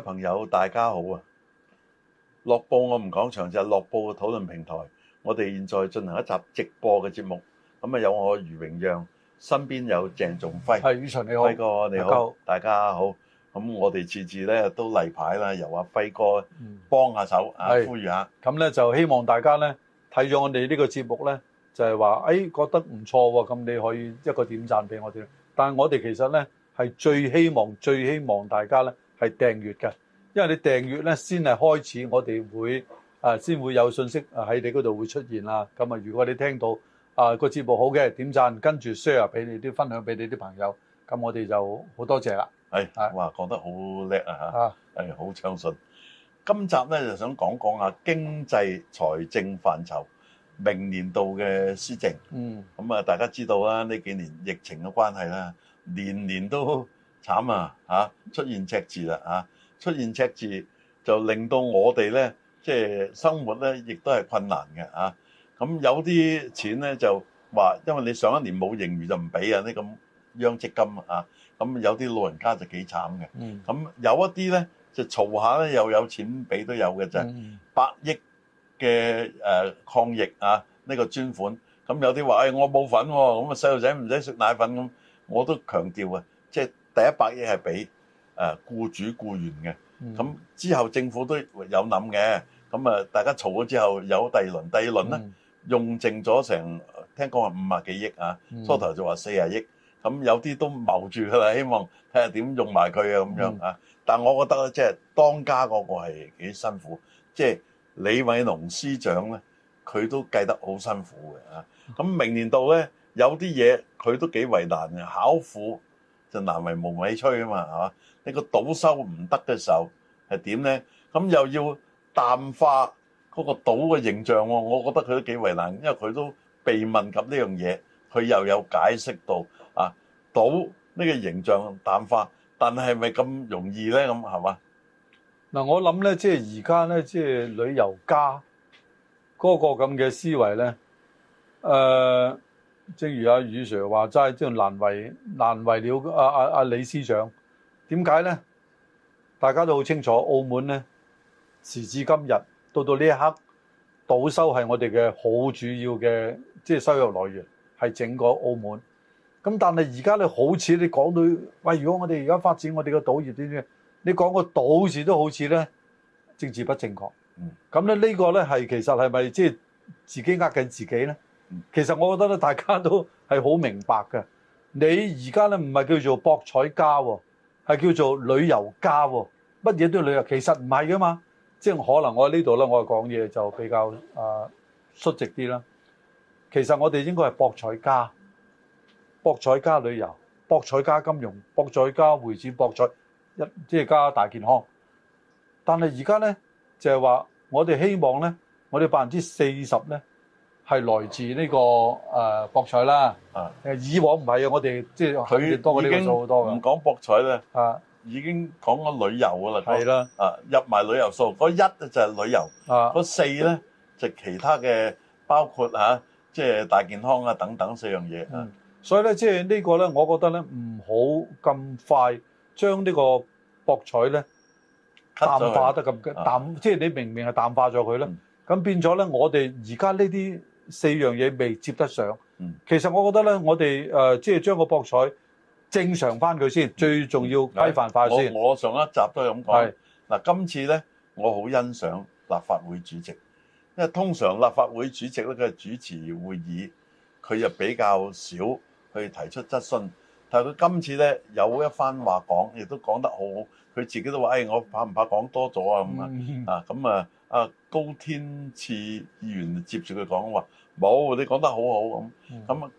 朋友，大家好啊！樂報我唔講場，就係樂報嘅討論平台，我哋現在進行一集直播嘅節目。咁啊，有我余榮讓，身邊有鄭仲輝，係余常你好，輝哥你好，大家好。咁我哋次次咧都例牌啦，由阿輝哥幫下手啊，呼籲下。咁咧就希望大家咧睇咗我哋呢個節目咧，就係話誒覺得唔錯喎，咁你可以一個點贊俾我哋。但係我哋其實咧係最希望、最希望大家咧。係訂閱嘅，因為你訂閱咧，先係開始我哋會啊，先會有信息喺你嗰度會出現啦。咁啊，如果你聽到啊個節目好嘅，點贊，跟住 share 俾你啲分享俾你啲朋友，咁我哋就好多謝啦。係啊，哇，講得好叻啊嚇！啊，係好暢順。今集咧就想講講下經濟財政範疇，明年度嘅施政。嗯，咁啊，大家知道啦，呢幾年疫情嘅關係啦，年年都。慘啊！嚇、啊、出現赤字啦！嚇、啊、出現赤字就令到我哋咧，即、就、係、是、生活咧，亦都係困難嘅啊！咁有啲錢咧就話，因為你上一年冇盈餘就唔俾啊！呢咁央積金啊！咁有啲老人家就幾慘嘅。咁、嗯、有一啲咧就嘈下咧又有錢俾都有嘅啫。百、嗯、億嘅誒、呃、抗疫啊！呢、這個專款咁有啲話，誒、哎、我冇份喎，咁啊細路仔唔使食奶粉咁。我都強調啊，即、就、係、是。第一百億係俾誒僱主僱員嘅，咁、嗯、之後政府都有諗嘅，咁啊大家嘈咗之後有第二輪、第二輪啦、嗯，用剩咗成聽講話五萬幾億啊，嗯、初頭就話四啊億，咁有啲都謀住佢啦，希望睇下點用埋佢啊咁樣啊，但係我覺得咧，即係當家嗰個係幾辛苦，即係李偉龍司長咧，佢都計得好辛苦嘅啊，咁明年度咧有啲嘢佢都幾為難嘅，考苦。就難為無米炊啊嘛，係嘛？你個賭收唔得嘅時候係點咧？咁又要淡化嗰個賭嘅形象喎？我覺得佢都幾為難，因為佢都被問及呢樣嘢，佢又有解釋到啊，賭呢個形象淡化，但係咪咁容易咧？咁係嘛？嗱，我諗咧，即係而家咧，即係旅遊家嗰個咁嘅思維咧，誒。正如阿余 Sir 話齋，即係難為難為了阿阿阿李司長，點解咧？大家都好清楚，澳門咧時至今日到到呢一刻，賭收係我哋嘅好主要嘅即係收入來源，係整個澳門。咁但係而家你好似你講到，喂，如果我哋而家發展我哋嘅賭業點樣？你講個賭字都好似咧政治不正確。嗯，咁咧呢個咧係其實係咪即係自己呃緊自己咧？其實我覺得咧，大家都係好明白嘅。你而家咧唔係叫做博彩家喎，係叫做旅遊家喎，乜嘢都旅遊。其實唔係噶嘛，即係可能我喺呢度咧，我啊講嘢就比較啊率直啲啦。其實我哋應該係博彩家，博彩家旅遊，博彩家金融，博彩家會展，博彩一即係加大健康。但係而家咧就係話，我哋希望咧，我哋百分之四十咧。係來自呢個誒博彩啦，誒以往唔係啊，我哋即係佢多，已多。唔講博彩啦，啊，啊已經講緊、啊、旅遊㗎啦，係啦，啊入埋旅遊數，嗰一就係旅遊，啊嗰四咧就其他嘅，包括嚇即係大健康啊等等四樣嘢啊、嗯，所以咧即係呢個咧，我覺得咧唔好咁快將呢個博彩咧淡化得咁、啊，淡即係、就是、你明明係淡化咗佢咧，咁、嗯、變咗咧我哋而家呢啲。四樣嘢未接得上、嗯，其實我覺得咧，我哋誒即係將個博彩正常翻佢先、嗯，最重要規範化先我。我上一集都係咁講。嗱、啊，今次咧，我好欣賞立法會主席，因為通常立法會主席咧，佢係主持會議，佢又比較少去提出質詢，但係佢今次咧有一番話講，亦都講得好好，佢自己都話：，誒、哎，我怕唔怕講多咗啊？咁、嗯、啊，啊咁啊，高天賜議員接住佢講話。冇你講得好好咁咁啊！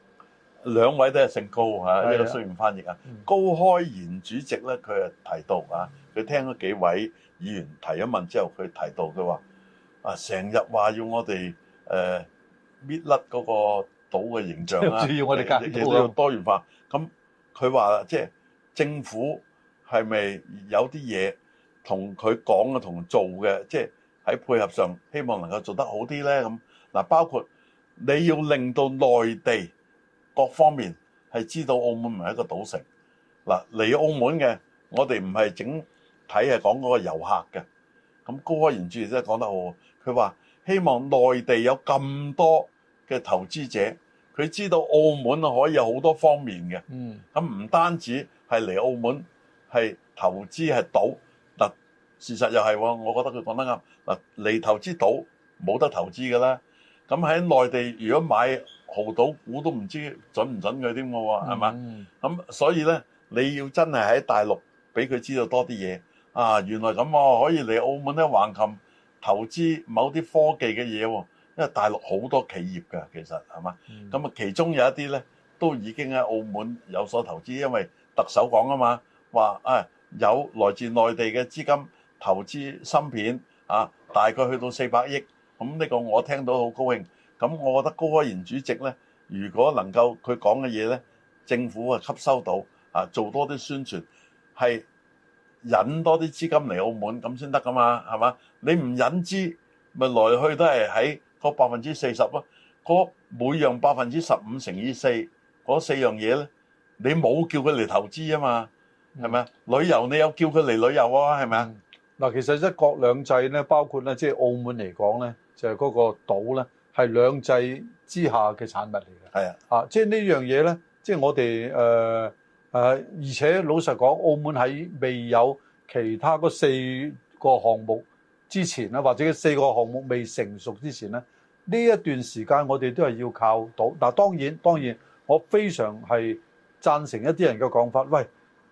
兩、嗯、位都係姓高嚇，呢、嗯這個雖然要翻譯啊、嗯。高開賢主席咧，佢係提到啊，佢、嗯、聽咗幾位議員提一問之後，佢提到佢話啊，成日話要我哋誒搣甩嗰個島嘅形象啊，就是、要我哋介紹多元化。咁佢話即係政府係咪有啲嘢同佢講嘅同做嘅，即係喺配合上，希望能夠做得好啲咧？咁嗱，包括。你要令到內地各方面係知道澳門唔係一個賭城嗱，嚟澳門嘅我哋唔係整體係講嗰個遊客嘅，咁高開賢主席真係講得好，佢話希望內地有咁多嘅投資者，佢知道澳門可以有好多方面嘅，咁唔單止係嚟澳門係投資係賭，嗱，事實又係我覺得佢講得啱嗱，嚟投資賭冇得投資㗎啦。咁喺內地如果買濠賭股都唔知準唔準佢添嘅喎，係嘛？咁、嗯、所以咧，你要真係喺大陸俾佢知道多啲嘢啊！原來咁、哦、可以嚟澳門咧橫琴投資某啲科技嘅嘢喎，因為大陸好多企業㗎，其實係嘛？咁啊，嗯、其中有一啲咧都已經喺澳門有所投資，因為特首講啊嘛，話、啊、有來自內地嘅資金投資芯片啊，大概去到四百億。咁、這、呢個我聽到好高興，咁我覺得高開賢主席咧，如果能夠佢講嘅嘢咧，政府啊吸收到，啊做多啲宣傳，係引多啲資金嚟澳門咁先得噶嘛，係嘛？你唔引資，咪來去都係喺個百分之四十咯。啊、每樣百分之十五乘以四，嗰四樣嘢咧，你冇叫佢嚟投資啊嘛，係咪啊？嗯、旅遊你有叫佢嚟旅遊啊,係咪啊？嗱、嗯，其實一國兩制咧，包括咧即係澳門嚟講咧。就係、是、嗰個賭咧，係兩制之下嘅產物嚟嘅。係啊，嚇、就是，即係呢樣嘢咧，即係我哋誒誒，而且老實講，澳門喺未有其他嗰四個項目之前咧，或者四個項目未成熟之前咧，呢一段時間我哋都係要靠賭。嗱、啊，當然當然，我非常係贊成一啲人嘅講法。喂，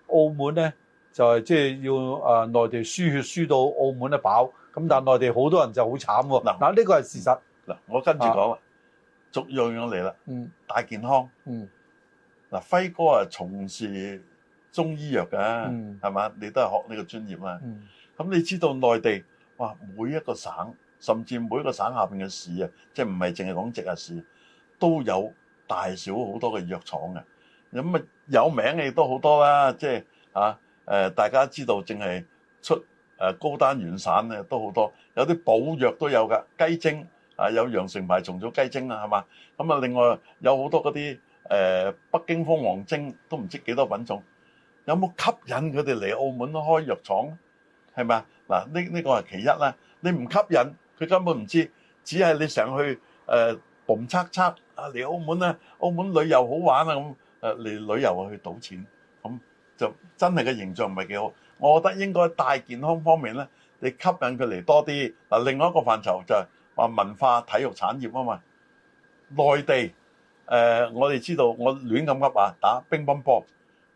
澳門咧就係即係要誒內、呃、地輸血輸到澳門一飽。咁但內地好多人就好慘喎。嗱嗱，呢個係事實。嗱，我跟住講啊，逐樣樣嚟啦。嗯。大健康。嗯。嗱，輝哥啊，從事中醫藥嘅，係、嗯、嘛？你都係學呢個專業啊。咁、嗯嗯、你知道內地哇，每一個省，甚至每一個省下面嘅市啊，即係唔係淨係講直轄市，都有大小好多嘅藥廠嘅。咁啊，有名嘅亦都好多啦，即係啊、呃、大家知道，淨係出。啊、高單元散咧都好多，有啲補藥都有㗎，雞精啊有羊城牌重組雞精啊，係嘛？咁啊，另外有好多嗰啲誒北京蜂王精都唔知幾多品種，有冇吸引佢哋嚟澳門開藥廠？係咪啊？嗱、呢個，呢、呢、呢個係其一啦。你唔吸引佢根本唔知，只係你成日去誒嘣嚓嚓啊嚟澳門咧，澳門旅遊好玩啊咁嚟、啊、旅遊去賭錢，咁、啊、就真係嘅形象唔係幾好。我覺得應該大健康方面咧，你吸引佢嚟多啲嗱。另外一個範疇就係話文化、體育產業啊嘛。內地誒、呃，我哋知道，我亂咁噏啊，打乒乓波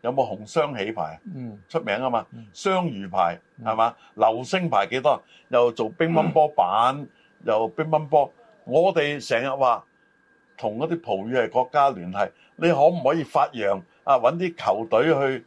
有冇紅雙喜牌？嗯，出名啊嘛。嗯，雙魚牌係嘛？流星牌幾多？又做乒乓波板、嗯，又乒乓波。我哋成日話同一啲葡語系國家聯繫，你可唔可以發揚啊？揾啲球隊去。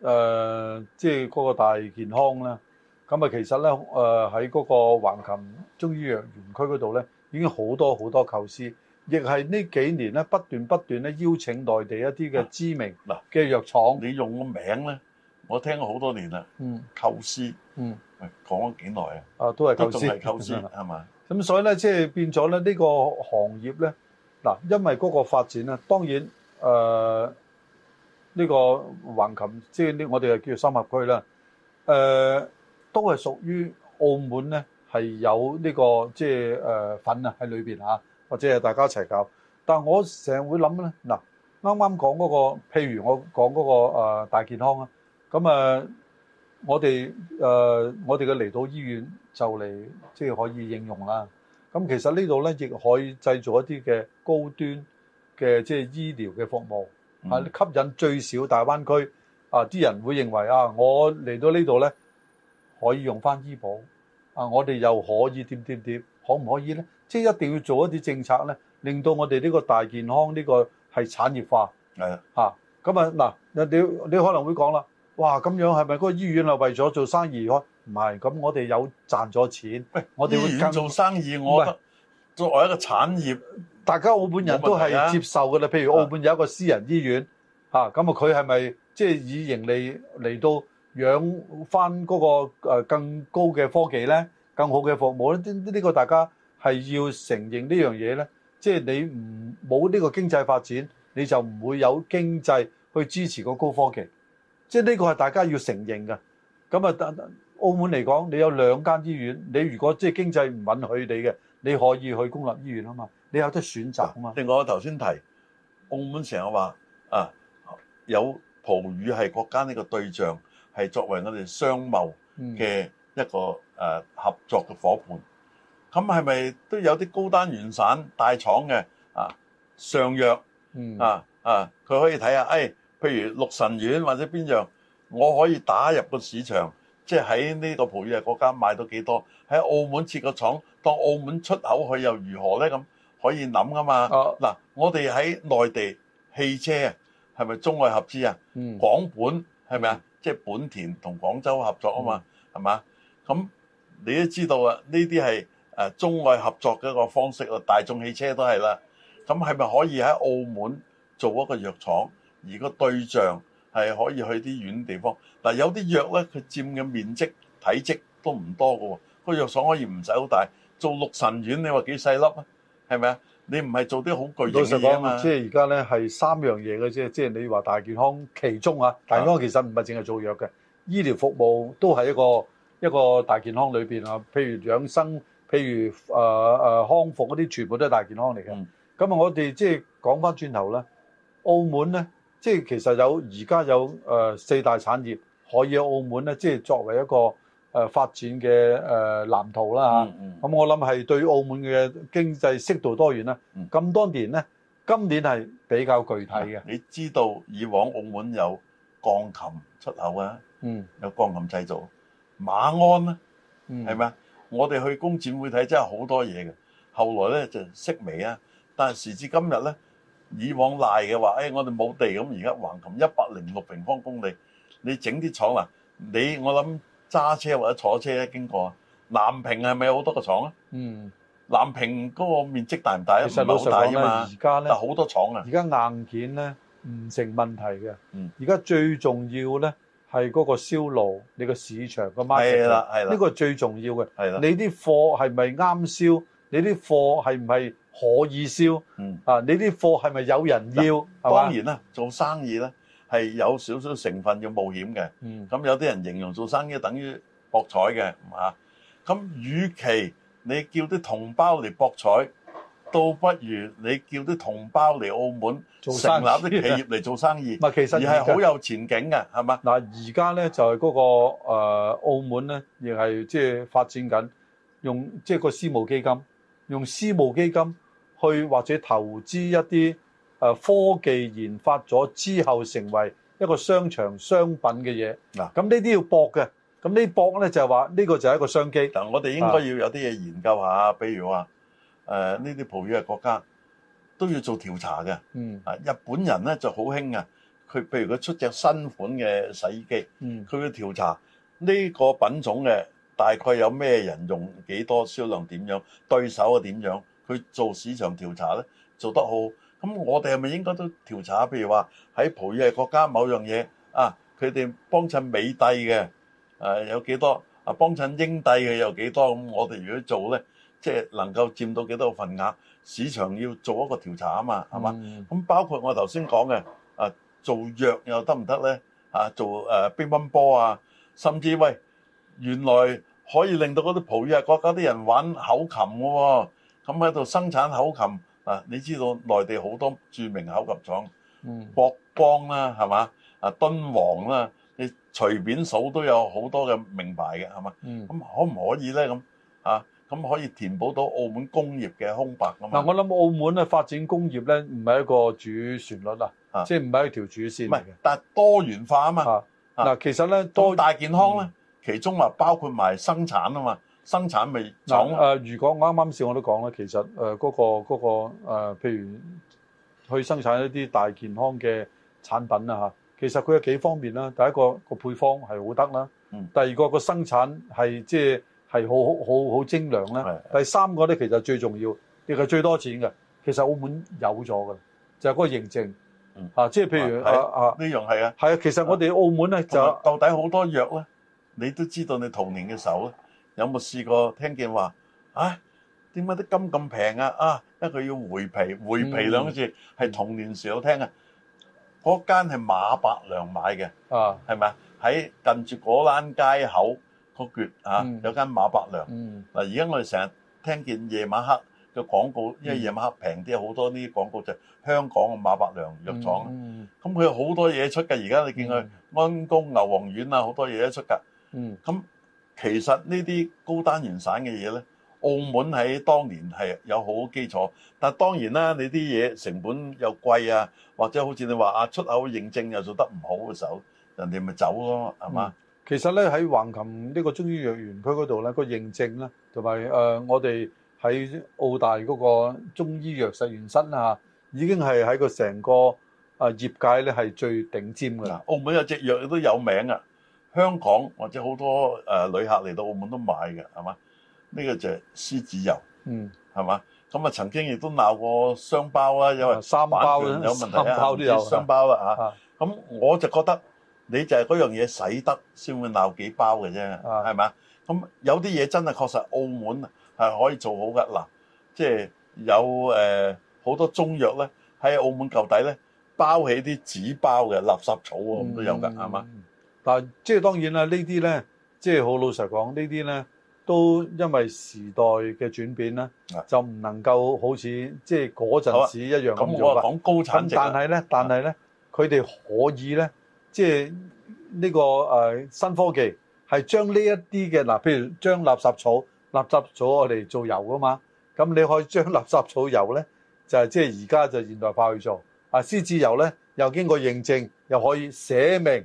誒、呃，即係嗰個大健康啦。咁啊，其實咧，誒喺嗰個橫琴中醫藥園區嗰度咧，已經好多好多構思。亦係呢幾年咧，不斷不斷咧邀請內地一啲嘅知名嗱嘅藥廠。啊啊、你用個名咧，我聽咗好多年啦。嗯。構思。嗯。講講咗幾耐啊？啊，都係構思。構思係嘛？咁、嗯嗯、所以咧，即、就、係、是、變咗咧，呢個行業咧，嗱、啊，因為嗰個發展啊，當然誒。呃呢、這個橫琴，即、就、係、是呃、呢，我哋係叫深合區啦。誒、呃，都係屬於澳門咧，係有呢個即係誒粉啊喺裏邊嚇，或者係大家一齊搞。但係我成日會諗咧，嗱、啊，啱啱講嗰個，譬如我講嗰、那個、呃、大健康啊，咁啊，我哋誒、呃、我哋嘅離島醫院就嚟即係可以應用啦。咁、啊、其實這裏呢度咧，亦可以製造一啲嘅高端嘅即係醫療嘅服務。啊、嗯！吸引最少大灣區啊！啲人會認為啊，我嚟到呢度呢，可以用翻醫保啊！我哋又可以點點點，可唔可以呢？即係一定要做一啲政策呢，令到我哋呢個大健康呢個係產業化。係啊，嚇咁啊嗱！你你可能會講啦，哇！咁樣係咪嗰個醫院係為咗做生意？唔係，咁我哋有賺咗錢，欸、我哋會做生意我。我作為一個產業。大家澳門人都係接受嘅啦，譬如澳門有一個私人醫院，嚇咁啊，佢係咪即係以盈利嚟到養翻嗰個誒更高嘅科技咧，更好嘅服務咧？呢呢個大家係要承認呢樣嘢咧。即係你唔冇呢個經濟發展，你就唔會有經濟去支持個高科技。即係呢個係大家要承認嘅。咁啊，澳門嚟講，你有兩間醫院，你如果即係經濟唔允許你嘅。你可以去公立醫院啊嘛，你有得選擇啊嘛。另外，我頭先提，澳門成日話啊，有葡語系國家呢個對象，係作為我哋商貿嘅一個誒、嗯、合作嘅伙伴。咁係咪都有啲高單元散大廠嘅啊？上藥啊啊，佢、啊啊、可以睇下，誒、哎，譬如六神丸或者邊樣，我可以打入個市場。即係喺呢個葡語系國家買到幾多？喺澳門設個廠，當澳門出口去又如何呢？咁可以諗噶嘛？嗱、啊，我哋喺內地汽車啊，係咪中外合資啊、嗯？廣本係咪啊？即、就是、本田同廣州合作啊嘛？係、嗯、嘛？咁你都知道啊，呢啲係誒中外合作嘅一個方式啊，大眾汽車都係啦。咁係咪可以喺澳門做一個藥廠，而個對象？係可以去啲遠地方，但有啲藥咧，佢佔嘅面積體積都唔多㗎喎，個藥廠可以唔使好大。做六神丸你話幾細粒啊？係咪啊？你唔係做啲好巨嘅？老實講啊，即係而家咧係三樣嘢嘅啫，即係你話大健康其中啊，大健康其實唔係淨係做藥嘅，醫療服務都係一個一個大健康裏邊啊。譬如養生，譬如誒、呃呃、康復嗰啲，全部都係大健康嚟嘅。咁、嗯、啊，我哋即係講翻轉頭啦，澳門咧。即係其實有而家有誒、呃、四大產業可以澳門咧，即係作為一個誒、呃、發展嘅誒、呃、藍圖啦嚇。咁、啊嗯嗯、我諗係對澳門嘅經濟適度多元啦。咁、嗯、多年咧，今年係比較具體嘅。你知道以往澳門有鋼琴出口啊、嗯，有鋼琴製造、馬鞍啦，係咪啊？我哋去工展會睇真係好多嘢嘅。後來咧就息微啊，但係時至今日咧。以往賴嘅話，誒我哋冇地咁，而家橫琴一百零六平方公里，你整啲廠嗱，你我諗揸車或者坐車經過，南平係咪有好多個廠啊？嗯，南平嗰個面積大唔大啊？其實老實講咧，而家咧好多廠啊。而家硬件咧唔成問題嘅。嗯。而家最重要咧係嗰個銷路，你個市場個 market。係啦，係啦。呢個最重要嘅。係啦。你啲貨係咪啱銷？你啲貨係唔係？可以燒，嗯，啊！你啲貨係咪有人要？當然啦，做生意咧係有少少成分要冒險嘅。嗯，咁有啲人形容做生意等於博彩嘅，係嘛？咁，與其你叫啲同胞嚟博彩，倒不如你叫啲同胞嚟澳門成立啲企業嚟做生意，其實而係好有前景嘅，係嘛？嗱，而家咧就係嗰個誒澳門咧，亦係即係發展緊，用即係個私募基金。用私募基金去或者投資一啲誒科技研發咗之後成為一個商場商品嘅嘢嗱，咁呢啲要搏嘅，咁呢搏咧就係話呢個就係一個商機嗱，但我哋應該要有啲嘢研究下，譬、啊、如話誒呢啲富裕嘅國家都要做調查嘅。嗯，啊，日本人咧就好興呀，佢譬如佢出隻新款嘅洗衣機，嗯，佢去調查呢個品種嘅。大概有咩人，用幾多銷量，點樣對手啊，點樣去做市場調查呢，做得好。咁我哋係咪應該都調查？譬如話喺葡語系國家某樣嘢啊，佢哋幫襯美帝嘅誒有幾多啊，幫襯英帝嘅又幾多咁？我哋如果做呢，即係能夠佔到幾多個份額，市場要做一個調查啊嘛，係嘛？咁包括我頭先講嘅啊，做藥又得唔得呢？啊，做誒乒乓波啊，甚至喂原來。可以令到嗰啲葡語國家啲人玩口琴嘅喎、哦，咁喺度生產口琴嗱，你知道內地好多著名口琴廠，嗯，博光啦，係嘛啊，敦煌啦，你隨便數都有好多嘅名牌嘅，係嘛，嗯，咁可唔可以咧咁啊？咁可以填補到澳門工業嘅空白啊嗱、嗯，我諗澳門咧發展工業咧，唔係一個主旋律啊，即係唔係一條主線嚟嘅，但係多元化啊嘛。嗱、啊，其實咧多大健康咧。嗯其中啊，包括埋生產啊嘛，生產咪廠誒。如果我啱啱先我都講啦，其實誒、嗰、嗰個嗰、嗰個、譬如去生產一啲大健康嘅產品啊。嚇。其實佢有幾方面啦，第一個個配方係好得啦，第二個個生產係即係係好好好精良啦。第三個咧其實最重要，亦係最多錢嘅。其實澳門有咗嘅，就係、係、嗰個認證、嗯哎、啊，即係譬如啊啊呢樣係啊，係啊。其實我哋澳門咧就、啊、到底好多藥咧。你都知道你童年嘅時候咧，有冇試過聽見話啊？點解啲金咁平啊？啊，因為佢要回皮，回皮兩字係童年時候聽啊。嗰間係馬百良買嘅，啊，係咪啊？喺近住嗰欄街口個角啊，有間馬百良。嗱、嗯，而家我哋成日聽見夜晚黑嘅廣告、嗯，因為夜晚黑平啲，好多呢啲廣告就係香港嘅馬百良藥廠。咁佢好多嘢出㗎，而家你見佢、嗯、安宮牛黃丸啊，好多嘢都出㗎。嗯，咁其實呢啲高單元散嘅嘢咧，澳門喺當年係有好基礎，但當然啦，你啲嘢成本又貴啊，或者好似你話啊出口認證又做得唔好嘅時候，人哋咪走咯，係嘛？其實咧喺橫琴呢個中醫藥園區嗰度咧，個認證咧，同埋誒我哋喺澳大嗰個中醫藥實驗室啊，已經係喺個成個啊業界咧係最頂尖㗎啦。澳門有隻藥都有名啊！香港或者好多誒、呃、旅客嚟到澳門都買嘅，係嘛？呢、這個就係獅子油，嗯，係嘛？咁、嗯、啊曾經亦都鬧過雙包啦，因為三包有問題有啊，三包都有。啊嗯、雙包啦嚇，咁、啊、我就覺得你就係嗰樣嘢使得先會鬧幾包嘅啫，係嘛？咁有啲嘢真係確實澳門係可以做好㗎嗱，即係、就是、有誒好、呃、多中藥咧喺澳門舊底咧包起啲紙包嘅垃圾草啊咁都有㗎，係嘛？啊，即係當然啦，呢啲咧，即係好老實講，呢啲呢啲咧都因為時代嘅轉變咧，就唔能夠好似即係嗰陣時一樣咁做高咁，但係咧，但係咧，佢哋可以咧，即係呢、呢個誒、啊、新科技係將呢一啲嘅嗱，譬如將垃圾草、垃圾草我哋做油㗎嘛。咁你可以將垃圾草油咧，就係即係而家就現代化去做啊。獅子油咧又經過認證，又可以寫明。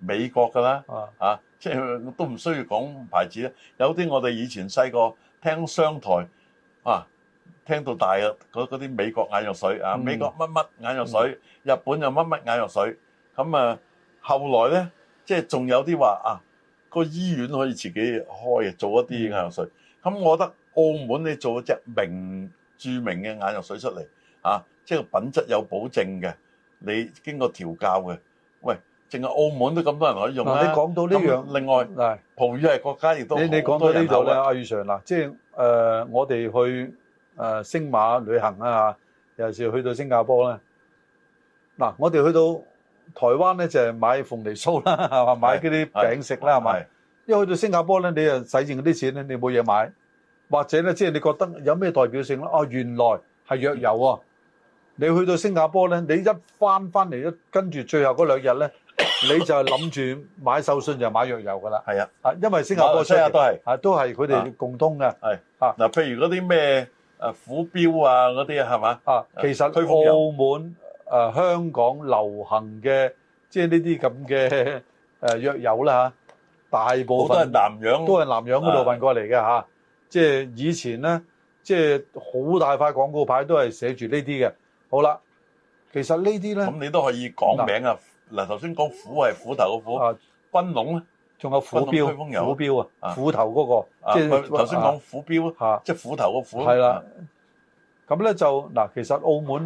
美國㗎啦，啊，即係都唔需要講牌子啦。有啲我哋以前細個聽商台啊，聽到大嘅嗰嗰啲美國眼藥水啊，美國乜乜眼藥水，日本又乜乜眼藥水。咁啊，後來咧，即係仲有啲話啊，個醫院可以自己開做一啲眼藥水。咁我覺得澳門你做隻名著名嘅眼藥水出嚟啊，即係品質有保證嘅，你經過調教嘅，喂。淨係澳門都咁多人可以用啦。嗱，你講到呢樣，另外嗱，葡語系國家亦都好多人都有咧。阿宇常嗱，即係誒，我哋去誒星馬旅行啦嚇，有時去到新加坡咧，嗱，我哋去到台灣咧就係買鳳梨酥啦，嚇，買嗰啲餅食啦，係咪？因為去到新加坡咧，你又使完嗰啲錢咧，你冇嘢買，或者咧，即係你覺得有咩代表性咧？哦，原來係藥油喎！你去到新加坡咧，你一翻翻嚟咧，跟住最後嗰兩日咧。你就諗住買手信就買藥油噶啦，係啊，啊因為新加坡，新加坡都係，啊都係佢哋共通嘅，係啊。嗱，譬如嗰啲咩誒虎標啊嗰啲係嘛啊，其實佢澳門誒香港流行嘅，即係呢啲咁嘅誒藥油啦吓，大部分都係南洋，都係南洋嗰度運過嚟嘅吓。即係以前咧，即係好大塊廣告牌都係寫住呢啲嘅。好啦，其實呢啲咧，咁你都可以講名啊。嗱，頭先講虎係虎頭嘅虎，軍龍咧，仲有虎標，虎標啊，虎頭嗰、那個即係頭先講虎標，即係、啊虎，啊、虎頭嗰款。係啦，咁、啊、咧就嗱，其實澳門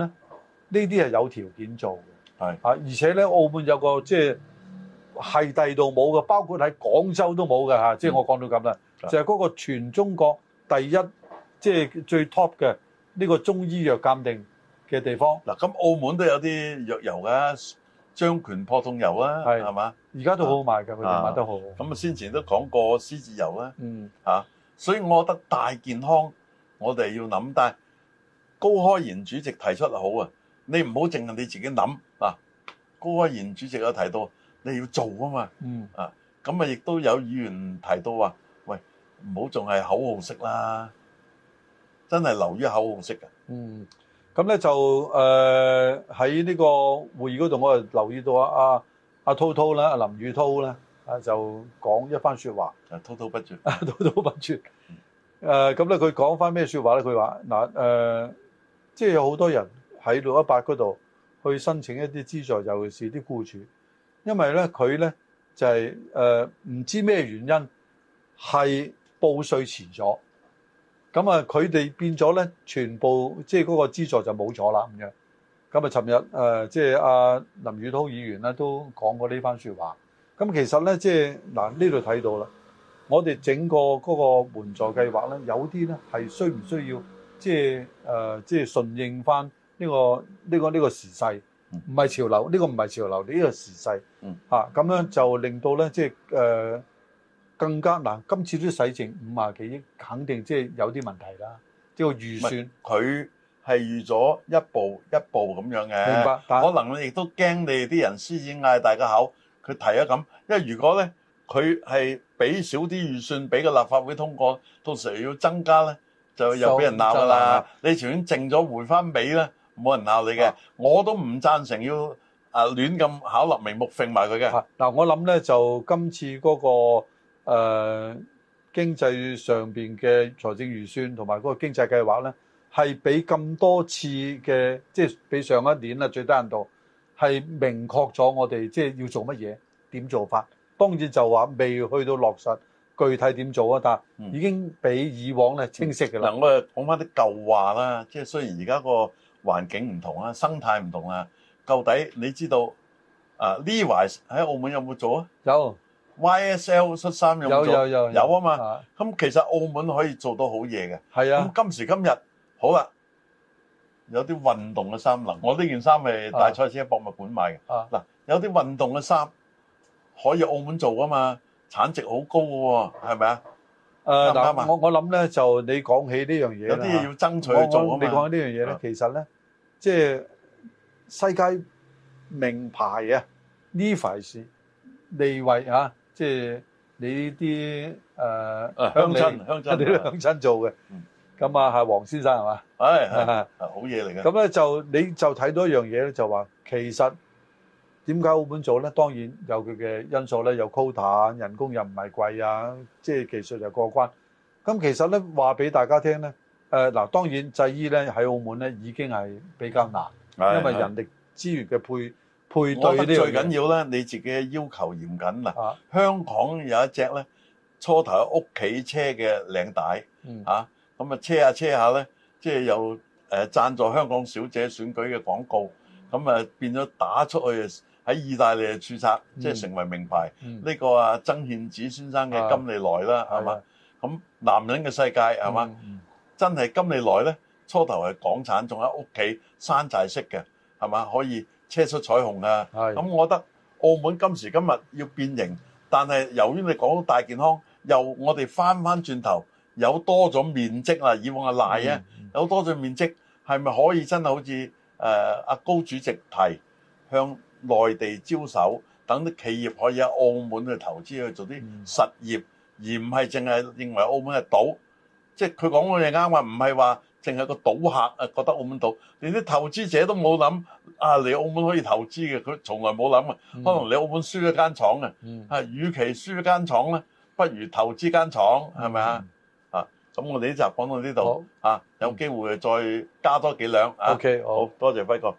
咧呢啲係有條件做嘅，係啊，而且咧澳門有個即係係地道冇嘅，包括喺廣州都冇嘅吓，即係我講到咁啦，就係、是、嗰個全中國第一即係最 top 嘅呢、這個中醫藥鑑定嘅地方。嗱、啊，咁澳門都有啲藥油嘅。張權破痛油現在好買的啊，係嘛？而家都好好賣嘅，佢哋賣得好咁啊，先、啊啊、前都講過獅子油啊。嗯。嚇、啊，所以我覺得大健康，我哋要諗，但係高開賢主席提出好啊，你唔好淨係你自己諗嗱、啊。高開賢主席有提到你要做啊嘛。嗯。啊，咁啊，亦都有議員提到話，喂，唔好仲係口號式啦，真係流於口號式嘅。嗯。咁咧就誒喺呢個會議嗰度，我就留意到啊阿阿滔滔啦，阿、啊啊啊啊、林宇滔呢，啊就講一番說話。啊滔滔不絕，啊滔滔不絕。咁、嗯、咧，佢講翻咩說話咧？佢話嗱誒即係有好多人喺六一八嗰度去申請一啲資助，尤其是啲僱主，因為咧佢咧就係誒唔知咩原因係報稅遲咗。咁啊，佢哋變咗咧，全部即係嗰個資助就冇咗啦咁樣。咁啊，尋日誒，即係阿林宇濤議員咧都講過呢番說話。咁其實咧，即係嗱，呢度睇到啦，我哋整個嗰個援助計劃咧，有啲咧係需唔需要，即係誒，即係順應翻呢個呢個呢個時勢，唔係潮流，呢個唔係潮流，呢個時勢。嗯、啊。咁樣就令到咧，即係誒。更加難，今次都使剩五啊幾億，肯定即係有啲問題啦。呢個預算，佢係預咗一步一步咁樣嘅。明白，可能亦都驚你哋啲人獅子嗌大個口，佢提咗咁。因為如果咧，佢係俾少啲預算俾個立法會通過，到時要增加咧，就又俾人鬧噶啦。你就算剩咗回翻俾咧，冇人鬧你嘅。我都唔贊成要啊亂咁巧立名目揈埋佢嘅。嗱，我諗咧就今次嗰個。誒、呃、經濟上邊嘅財政預算同埋嗰個經濟計劃咧，係比咁多次嘅，即係比上一年啦，最低限度係明確咗我哋即係要做乜嘢，點做法。當然就話未去到落實，具體點做啊？但已經比以往咧清晰嘅啦、嗯嗯嗯。我哋講翻啲舊話啦，即係雖然而家個環境唔同啊，生態唔同啊。到底你知道啊？Levi's 喺澳門有冇做啊？有。YSL 恤衫有冇做？有啊嘛，咁其實澳門可以做到好嘢嘅。係啊，咁今時今日好啦，有啲運動嘅衫啦，我呢件衫係大賽前喺博物館買嘅。嗱，有啲運動嘅衫可以澳門做㗎嘛，產值好高嘅喎，係咪啊？誒嗱，我我諗咧就你講起呢樣嘢，有啲嘢要爭取去做。你講起呢樣嘢咧，其實咧即係世界名牌嘅呢回事地位嚇。即係你呢啲誒鄉親，鄉親你啲鄉親做嘅，咁啊係黃先生係嘛？係係係好嘢嚟嘅。咁咧就你就睇到一樣嘢咧，就話其實點解澳門做咧？當然有佢嘅因素咧，有 quota，人工又唔係貴啊，即係技術又過關。咁其實咧話俾大家聽咧，誒、呃、嗱，當然製衣咧喺澳門咧已經係比較難是是是，因為人力資源嘅配。配對我覺得最緊要咧，你自己要求嚴謹嗱。香港有一隻咧，初頭喺屋企車嘅領帶、嗯、啊，咁啊車下車下咧，即係又誒贊助香港小姐選舉嘅廣告，咁、嗯、啊變咗打出去喺意大利啊註冊，即係成為名牌。呢、嗯這個啊曾憲梓先生嘅金利來啦，係、啊、嘛？咁男人嘅世界係嘛、嗯嗯？真係金利來咧，初頭係港產，仲喺屋企山寨式嘅係嘛？可以。車出彩虹啊！咁我覺得澳門今時今日要變形，但係由於你講到大健康，又我哋翻翻轉頭有多咗面積啦，以往嘅賴啊有多咗面積，係咪可以真係好似誒阿高主席提向內地招手，等啲企業可以喺澳門去投資去做啲實業，嗯、而唔係淨係認為澳門係賭，即係佢講嘅嘢啱啊，唔係話。淨係個賭客啊，覺得澳門賭，連啲投資者都冇諗啊嚟澳門可以投資嘅，佢從來冇諗啊。可能你澳門輸一間廠啊，啊，與其輸一間廠咧，不如投資間廠，係咪啊？啊，咁我哋呢集講到呢度、哦、啊，有機會再加多幾兩啊。哦、OK、哦、好多謝輝哥。